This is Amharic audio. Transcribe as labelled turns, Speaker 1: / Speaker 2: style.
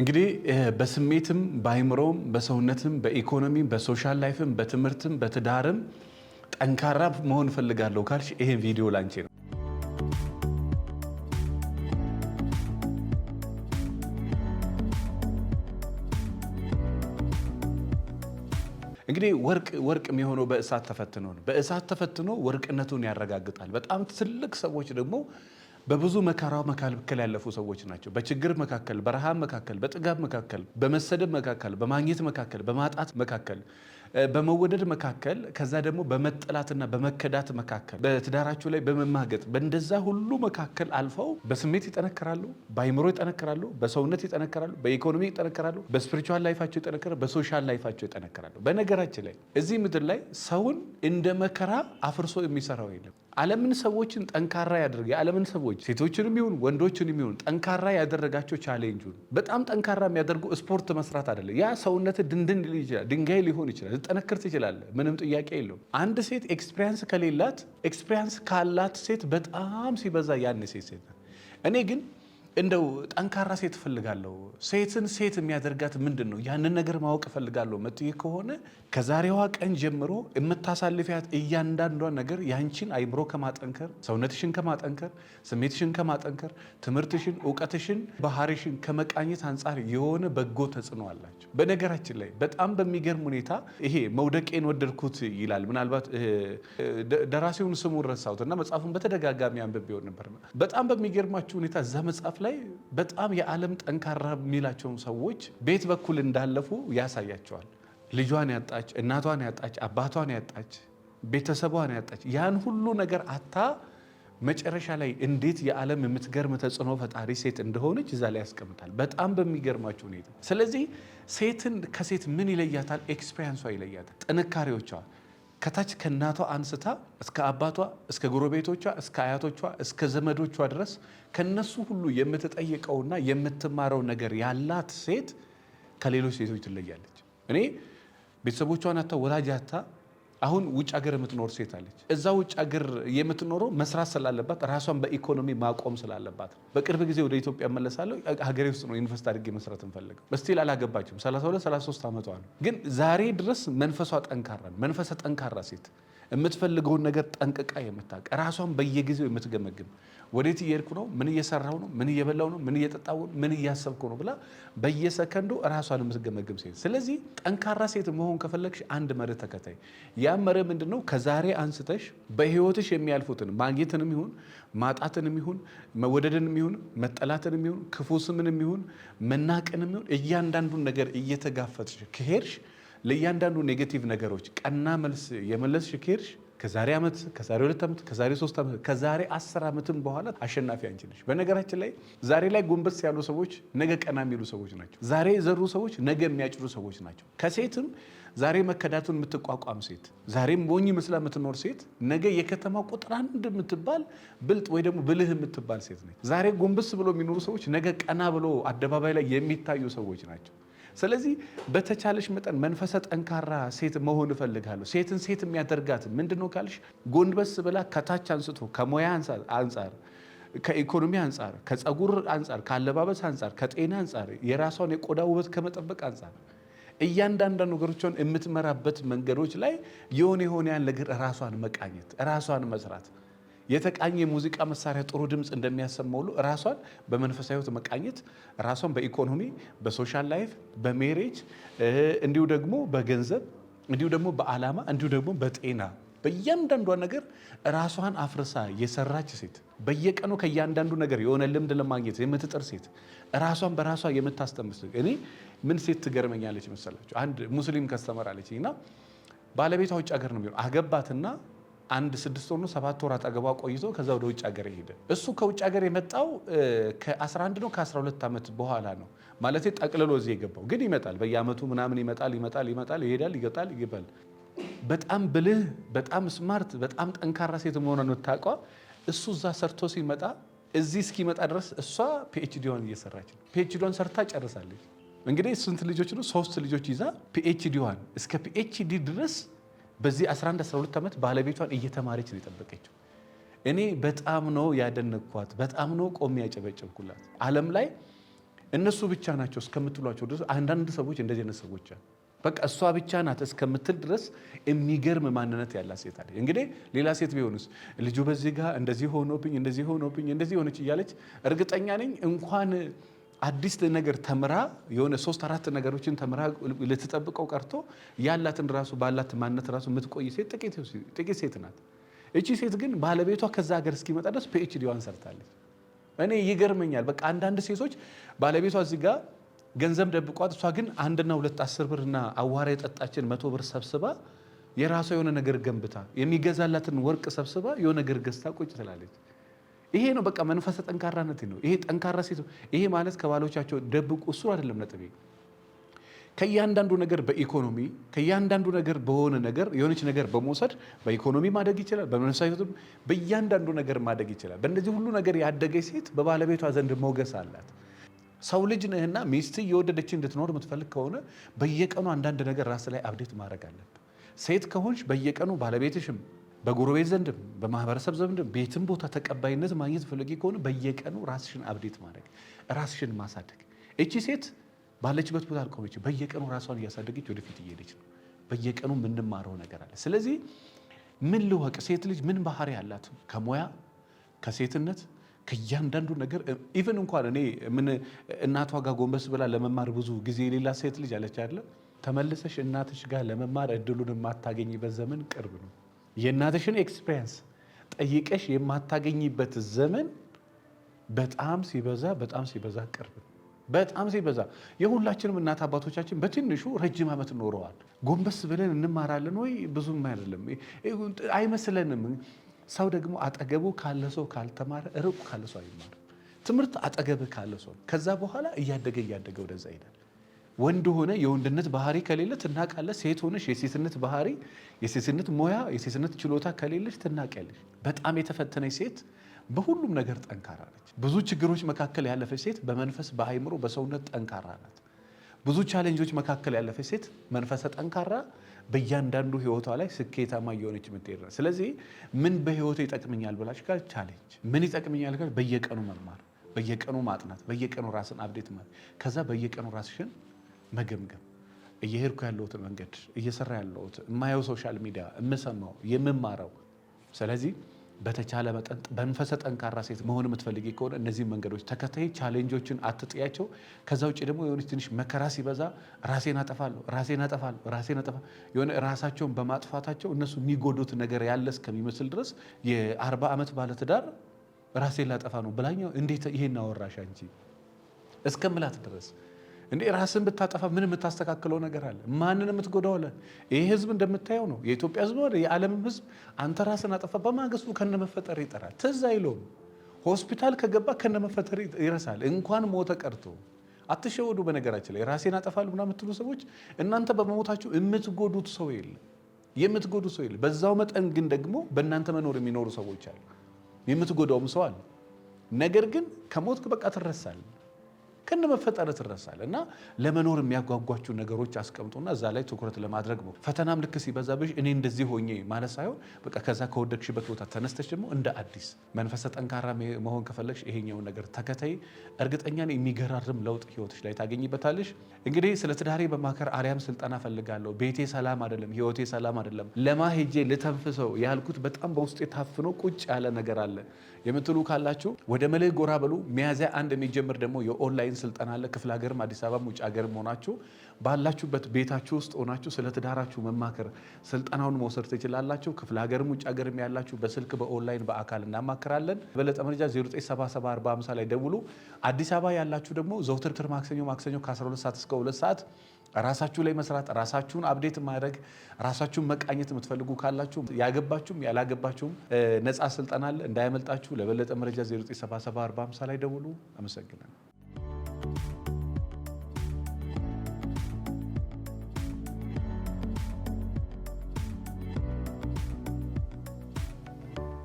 Speaker 1: እንግዲህ በስሜትም በአይምሮም በሰውነትም በኢኮኖሚም በሶሻል ላይፍም በትምህርትም በትዳርም ጠንካራ መሆን ፈልጋለሁ ካልሽ ይሄን ቪዲዮ ላንቺ ነው። እንግዲህ ወርቅ ወርቅ የሚሆነው በእሳት ተፈትኖ ነው። በእሳት ተፈትኖ ወርቅነቱን ያረጋግጣል። በጣም ትልቅ ሰዎች ደግሞ በብዙ መከራ መካከል ያለፉ ሰዎች ናቸው። በችግር መካከል፣ በረሃብ መካከል፣ በጥጋብ መካከል፣ በመሰደብ መካከል፣ በማግኘት መካከል፣ በማጣት መካከል፣ በመወደድ መካከል፣ ከዛ ደግሞ በመጠላትና በመከዳት መካከል፣ በትዳራቸው ላይ በመማገጥ በእንደዛ ሁሉ መካከል አልፈው በስሜት ይጠነክራሉ፣ በአይምሮ ይጠነክራሉ፣ በሰውነት ይጠነክራሉ፣ በኢኮኖሚ ይጠነክራሉ፣ በስፒሪቹዋል ላይፋቸው ይጠነከራሉ፣ በሶሻል ላይፋቸው ይጠነክራሉ። በነገራችን ላይ እዚህ ምድር ላይ ሰውን እንደ መከራ አፍርሶ የሚሰራው የለም። ዓለምን ሰዎችን ጠንካራ ያደረገ የዓለምን ሰዎች ሴቶችንም ይሁን ወንዶችንም ይሁን ጠንካራ ያደረጋቸው ቻሌንጁ በጣም ጠንካራ የሚያደርጉ ስፖርት መስራት አይደለም። ያ ሰውነት ድንድን ሊሆን ይችላል፣ ድንጋይ ሊሆን ይችላል። ልጠነክር ትችላለህ፣ ምንም ጥያቄ የለውም። አንድ ሴት ኤክስፒሪያንስ ከሌላት ኤክስፒሪያንስ ካላት ሴት በጣም ሲበዛ ያን ሴት ሴት እኔ ግን እንደው ጠንካራ ሴት እፈልጋለሁ። ሴትን ሴት የሚያደርጋት ምንድን ነው? ያንን ነገር ማወቅ እፈልጋለሁ። መጥዬ ከሆነ ከዛሬዋ ቀን ጀምሮ የምታሳልፊያት እያንዳንዷ ነገር ያንቺን አይምሮ ከማጠንከር፣ ሰውነትሽን ከማጠንከር፣ ስሜትሽን ከማጠንከር፣ ትምህርትሽን፣ እውቀትሽን፣ ባህሪሽን ከመቃኘት አንጻር የሆነ በጎ ተጽዕኖ አላቸው። በነገራችን ላይ በጣም በሚገርም ሁኔታ ይሄ መውደቄን ወደድኩት ይላል። ምናልባት ደራሲውን ስሙን ረሳሁት እና መጽሐፉን በተደጋጋሚ አንብቤው ነበር። በጣም በሚገርማችሁ ሁኔታ እዛ መጽሐፍ ላይ በጣም የዓለም ጠንካራ የሚላቸውን ሰዎች ቤት በኩል እንዳለፉ ያሳያቸዋል። ልጇን ያጣች፣ እናቷን ያጣች፣ አባቷን ያጣች፣ ቤተሰቧን ያጣች፣ ያን ሁሉ ነገር አታ መጨረሻ ላይ እንዴት የዓለም የምትገርም ተጽዕኖ ፈጣሪ ሴት እንደሆነች እዛ ላይ ያስቀምጣል። በጣም በሚገርማቸው ሁኔታ። ስለዚህ ሴትን ከሴት ምን ይለያታል? ኤክስፔሪንሷ ይለያታል፣ ጥንካሬዎቿ ከታች ከእናቷ አንስታ እስከ አባቷ እስከ ጎረቤቶቿ እስከ አያቶቿ እስከ ዘመዶቿ ድረስ ከነሱ ሁሉ የምትጠይቀውና የምትማረው ነገር ያላት ሴት ከሌሎች ሴቶች ትለያለች። እኔ ቤተሰቦቿን አታ ወላጅ አታ አሁን ውጭ ሀገር የምትኖር ሴት አለች። እዛ ውጭ ሀገር የምትኖረው መስራት ስላለባት ራሷን በኢኮኖሚ ማቆም ስላለባት፣ በቅርብ ጊዜ ወደ ኢትዮጵያ መለሳለሁ ሀገሬ ውስጥ ነው ዩኒቨርስቲ አድርጌ መስራት እንፈልገው ስቲል አላገባችም። 32 33 ዓመቷ ነው። ግን ዛሬ ድረስ መንፈሷ ጠንካራ መንፈሰ ጠንካራ ሴት የምትፈልገውን ነገር ጠንቅቃ የምታውቅ ራሷን በየጊዜው የምትገመግም ወዴት እየሄድኩ ነው? ምን እየሰራሁ ነው? ምን እየበላሁ ነው? ምን እየጠጣሁ ነው? ምን እያሰብኩ ነው? ብላ በየሰከንዱ ራሷን የምትገመግም ሴት። ስለዚህ ጠንካራ ሴት መሆን ከፈለግሽ አንድ መርህ ተከታይ። ያ መርህ ምንድን ነው? ከዛሬ አንስተሽ በህይወትሽ የሚያልፉትን ማግኘትንም ይሁን ማጣትንም ይሁን መወደድንም ይሁን መጠላትንም ይሁን ክፉ ስምንም ይሁን መናቅንም ይሁን እያንዳንዱን ነገር እየተጋፈጥሽ ከሄድሽ ለእያንዳንዱ ኔጌቲቭ ነገሮች ቀና መልስ የመለስሽ ከሄድሽ ከዛሬ ዓመት ከዛሬ ሁለት ዓመት ከዛሬ ሶስት ዓመት ከዛሬ አስር ዓመትም በኋላ አሸናፊ አንቺ ነሽ። በነገራችን ላይ ዛሬ ላይ ጎንበስ ያሉ ሰዎች ነገ ቀና የሚሉ ሰዎች ናቸው። ዛሬ የዘሩ ሰዎች ነገ የሚያጭዱ ሰዎች ናቸው። ከሴትም ዛሬ መከዳቱን የምትቋቋም ሴት፣ ዛሬም ሞኝ መስላ የምትኖር ሴት ነገ የከተማ ቁጥር አንድ የምትባል ብልጥ ወይ ደግሞ ብልህ የምትባል ሴት ነች። ዛሬ ጎንበስ ብሎ የሚኖሩ ሰዎች ነገ ቀና ብሎ አደባባይ ላይ የሚታዩ ሰዎች ናቸው። ስለዚህ በተቻለሽ መጠን መንፈሰ ጠንካራ ሴት መሆን እፈልጋለሁ። ሴትን ሴት የሚያደርጋት ምንድን ነው ካልሽ፣ ጎንበስ ብላ ከታች አንስቶ ከሙያ አንጻር፣ ከኢኮኖሚ አንጻር፣ ከፀጉር አንጻር፣ ከአለባበስ አንጻር፣ ከጤና አንጻር፣ የራሷን የቆዳ ውበት ከመጠበቅ አንጻር እያንዳንዱ ነገሮቿን የምትመራበት መንገዶች ላይ የሆነ የሆነ ያን ነገር ራሷን መቃኘት ራሷን መስራት የተቃኘ የሙዚቃ መሳሪያ ጥሩ ድምፅ እንደሚያሰማ ሁሉ ራሷን በመንፈሳዊ ህይወት መቃኘት ራሷን በኢኮኖሚ በሶሻል ላይፍ በሜሬጅ እንዲሁ ደግሞ በገንዘብ እንዲሁ ደግሞ በዓላማ እንዲሁ ደግሞ በጤና በእያንዳንዷ ነገር ራሷን አፍርሳ የሰራች ሴት በየቀኑ ከእያንዳንዱ ነገር የሆነ ልምድ ለማግኘት የምትጥር ሴት ራሷን በራሷ የምታስጠምስ እኔ ምን ሴት ትገርመኛለች መሰላቸው አንድ ሙስሊም ከስተመር አለችኝ እና ባለቤቷ ውጭ ሀገር ነው የሚሆነው አገባትና አንድ ስድስት ወር ነው ሰባት ወር አጠገቧ ቆይቶ ከዛ ወደ ውጭ ሀገር ሄደ። እሱ ከውጭ ሀገር የመጣው ከ11 ነው ከ12 ዓመት በኋላ ነው ማለት ጠቅልሎ እዚህ የገባው ግን ይመጣል። በየአመቱ ምናምን ይመጣል ይመጣል ይመጣል ይሄዳል ይገጣል ይገባል። በጣም ብልህ፣ በጣም ስማርት፣ በጣም ጠንካራ ሴት ነው የምታውቋ እሱ እዛ ሰርቶ ሲመጣ እዚህ እስኪመጣ ድረስ እሷ ፒኤችዲዋን እየሰራች ነው። ፒኤችዲዋን ሰርታ ጨርሳለች። እንግዲህ ስንት ልጆች ነው? ሶስት ልጆች ይዛ ፒኤችዲዋን እስከ ፒኤችዲ ድረስ በዚህ 11 12 ዓመት ባለቤቷን እየተማረች ነው የጠበቀችው። እኔ በጣም ነው ያደነኳት በጣም ነው ቆሜ ያጨበጨብኩላት። ዓለም ላይ እነሱ ብቻ ናቸው እስከምትሏቸው ድረስ አንዳንድ ሰዎች እንደዚህ አይነት ሰዎች በቃ እሷ ብቻ ናት እስከምትል ድረስ የሚገርም ማንነት ያላት ሴት አለ። እንግዲህ ሌላ ሴት ቢሆንስ ልጁ በዚህ ጋር እንደዚህ ሆኖብኝ እንደዚህ ሆኖብኝ እንደዚህ ሆነች እያለች እርግጠኛ ነኝ እንኳን አዲስ ነገር ተምራ የሆነ ሶስት አራት ነገሮችን ተምራ ልትጠብቀው ቀርቶ ያላትን ራሱ ባላት ማንነት ራሱ የምትቆይ ሴት ጥቂት ሴት ናት። እቺ ሴት ግን ባለቤቷ ከዛ ሀገር እስኪመጣ ድረስ ፒኤችዲዋን ሰርታለች። እኔ ይገርመኛል። በቃ አንዳንድ ሴቶች ባለቤቷ እዚህ ጋር ገንዘብ ደብቋት፣ እሷ ግን አንድና ሁለት አስር ብርና አዋራ የጠጣችን መቶ ብር ሰብስባ የራሷ የሆነ ነገር ገንብታ የሚገዛላትን ወርቅ ሰብስባ የሆነ ነገር ገዝታ ቁጭ ትላለች። ይሄ ነው በቃ መንፈሰ ጠንካራነት ነው። ይሄ ጠንካራ ሴት ይሄ ማለት ከባሎቻቸው ደብቁ እሱ አይደለም ነጥቤ። ከእያንዳንዱ ነገር በኢኮኖሚ ከእያንዳንዱ ነገር በሆነ ነገር የሆነች ነገር በመውሰድ በኢኮኖሚ ማደግ ይችላል። በመንሳቱ በእያንዳንዱ ነገር ማደግ ይችላል። በእነዚህ ሁሉ ነገር ያደገች ሴት በባለቤቷ ዘንድ ሞገስ አላት። ሰው ልጅ ነህና ሚስት እየወደደች እንድትኖር የምትፈልግ ከሆነ በየቀኑ አንዳንድ ነገር ራስ ላይ አብዴት ማድረግ አለብህ። ሴት ከሆንሽ በየቀኑ ባለቤትሽም በጎረቤት ዘንድም በማህበረሰብ ዘንድም ቤትም ቦታ ተቀባይነት ማግኘት ፈለጊ ከሆነ በየቀኑ ራስሽን አብዴት ማድረግ ራስሽን ማሳደግ። እቺ ሴት ባለችበት ቦታ አልቆመች፣ በየቀኑ ራሷን እያሳደገች ወደፊት እየሄደች ነው። በየቀኑ የምንማረው ነገር አለ። ስለዚህ ምን ልወቅ፣ ሴት ልጅ ምን ባህሪ አላት? ከሙያ ከሴትነት ከእያንዳንዱ ነገር ኢቨን እንኳን እኔ ምን እናቷ ጋር ጎንበስ ብላ ለመማር ብዙ ጊዜ የሌላ ሴት ልጅ አለች አይደለም ተመልሰሽ እናትሽ ጋር ለመማር እድሉን የማታገኝበት ዘመን ቅርብ ነው። የእናትሽን ኤክስፔሪንስ ጠይቀሽ የማታገኝበት ዘመን በጣም ሲበዛ በጣም ሲበዛ ቅርብ በጣም ሲበዛ የሁላችንም እናት አባቶቻችን በትንሹ ረጅም ዓመት ኖረዋል። ጎንበስ ብለን እንማራለን ወይ? ብዙም አይደለም አይመስለንም። ሰው ደግሞ አጠገቡ ካለ ሰው ካልተማረ ርቁ ካለ ሰው አይማርም። ትምህርት አጠገብህ ካለ ሰው ከዛ በኋላ እያደገ እያደገ ወደዛ ይሄዳል። ወንድ ሆነ የወንድነት ባህሪ ከሌለ ትናቃለህ። ሴት ሆነሽ የሴትነት ባህሪ፣ የሴትነት ሙያ፣ የሴትነት ችሎታ ከሌለሽ ትናቂያለሽ። በጣም የተፈተነች ሴት በሁሉም ነገር ጠንካራ ነች። ብዙ ችግሮች መካከል ያለፈች ሴት በመንፈስ በአይምሮ በሰውነት ጠንካራ ናት። ብዙ ቻሌንጆች መካከል ያለፈች ሴት መንፈሰ ጠንካራ፣ በእያንዳንዱ ህይወቷ ላይ ስኬታማ እየሆነች የምትሄድ ናት። ስለዚህ ምን በህይወቱ ይጠቅምኛል ብላች ጋር ቻሌንጅ ምን ይጠቅምኛል ጋር በየቀኑ መማር፣ በየቀኑ ማጥናት፣ በየቀኑ ራስን አብዴት ማለት ከዛ በየቀኑ ራስሽን መገምገም እየሄድኩ ያለሁት መንገድ እየሰራ ያለሁት የማየው ሶሻል ሚዲያ የምሰማው የምማረው። ስለዚህ በተቻለ መጠን በንፈሰ ጠንካራ ሴት መሆን የምትፈልጊ ከሆነ እነዚህ መንገዶች ተከታይ ቻሌንጆችን አትጥያቸው። ከዛ ውጭ ደግሞ የሆነች ትንሽ መከራ ሲበዛ ራሴን አጠፋለሁ ራሴን አጠፋለሁ ራሴን አጠፋ የሆነ ራሳቸውን በማጥፋታቸው እነሱ የሚጎዱት ነገር ያለ እስከሚመስል ድረስ የአርባ ዓመት ባለትዳር ራሴን ላጠፋ ነው ብላኛው እንዴት ይሄን አወራሽ አንቺ እስከምላት ድረስ እንዴ ራስን ብታጠፋ ምን የምታስተካክለው ነገር አለ? ማንን የምትጎዳው አለ? ይህ ህዝብ እንደምታየው ነው። የኢትዮጵያ ህዝብ ወደ የዓለምም ህዝብ አንተ ራስን አጠፋ በማግስቱ ከነመፈጠር ይጠራል። ትዝ አይለውም። ሆስፒታል ከገባ ከነመፈጠር ይረሳል። እንኳን ሞተ ቀርቶ አትሸወዱ። በነገራችን ላይ ራሴን አጠፋለሁ ምናምን የምትሉ ሰዎች እናንተ በመሞታችሁ የምትጎዱት ሰው የለም የምትጎዱ ሰው የለም። በዛው መጠን ግን ደግሞ በእናንተ መኖር የሚኖሩ ሰዎች አሉ፣ የምትጎዳውም ሰው አለ። ነገር ግን ከሞት በቃ ትረሳለህ። ከነ መፈጠር ትረሳል እና ለመኖር የሚያጓጓችሁ ነገሮች አስቀምጡና እዛ ላይ ትኩረት ለማድረግ ነው። ፈተናም ልክ ሲበዛብሽ እኔ እንደዚህ ሆኜ ማለት ሳይሆን በቃ ከዛ ከወደቅሽበት ቦታ ተነስተሽ ደግሞ እንደ አዲስ መንፈሰ ጠንካራ መሆን ከፈለግሽ ይሄኛውን ነገር ተከታይ። እርግጠኛ የሚገራርም ለውጥ ህይወትሽ ላይ ታገኝበታለሽ። እንግዲህ ስለ ትዳሬ በማከር አሊያም ስልጠና ፈልጋለሁ፣ ቤቴ ሰላም አይደለም፣ ህይወቴ ሰላም አይደለም፣ ለማ ሄጄ ልተንፍሰው ያልኩት በጣም በውስጤ ታፍኖ ቁጭ ያለ ነገር አለ የምትሉ ካላችሁ ወደ መልህ ጎራ በሉ። ሚያዝያ አንድ የሚጀምር ደግሞ የኦንላይን ስልጠና አለ። ክፍለ ሀገርም አዲስ አበባም ውጭ ሀገርም ሆናችሁ ባላችሁበት ቤታችሁ ውስጥ ሆናችሁ ስለ ትዳራችሁ መማከር ስልጠናውን መውሰድ ትችላላችሁ። ክፍለ ሀገርም ውጭ ሀገርም ያላችሁ በስልክ በኦንላይን በአካል እናማክራለን። በለጠ መረጃ 097745 ላይ ደውሉ። አዲስ አበባ ያላችሁ ደግሞ ዘውትር ማክሰኞ ማክሰኞ ከ12 ሰዓት እስከ 2 ሰዓት ራሳችሁ ላይ መስራት ራሳችሁን አብዴት ማድረግ ራሳችሁን መቃኘት የምትፈልጉ ካላችሁ ያገባችሁም ያላገባችሁም ነፃ ስልጠና አለ፣ እንዳያመልጣችሁ። ለበለጠ መረጃ 097745 ላይ ደውሉ። አመሰግናለሁ።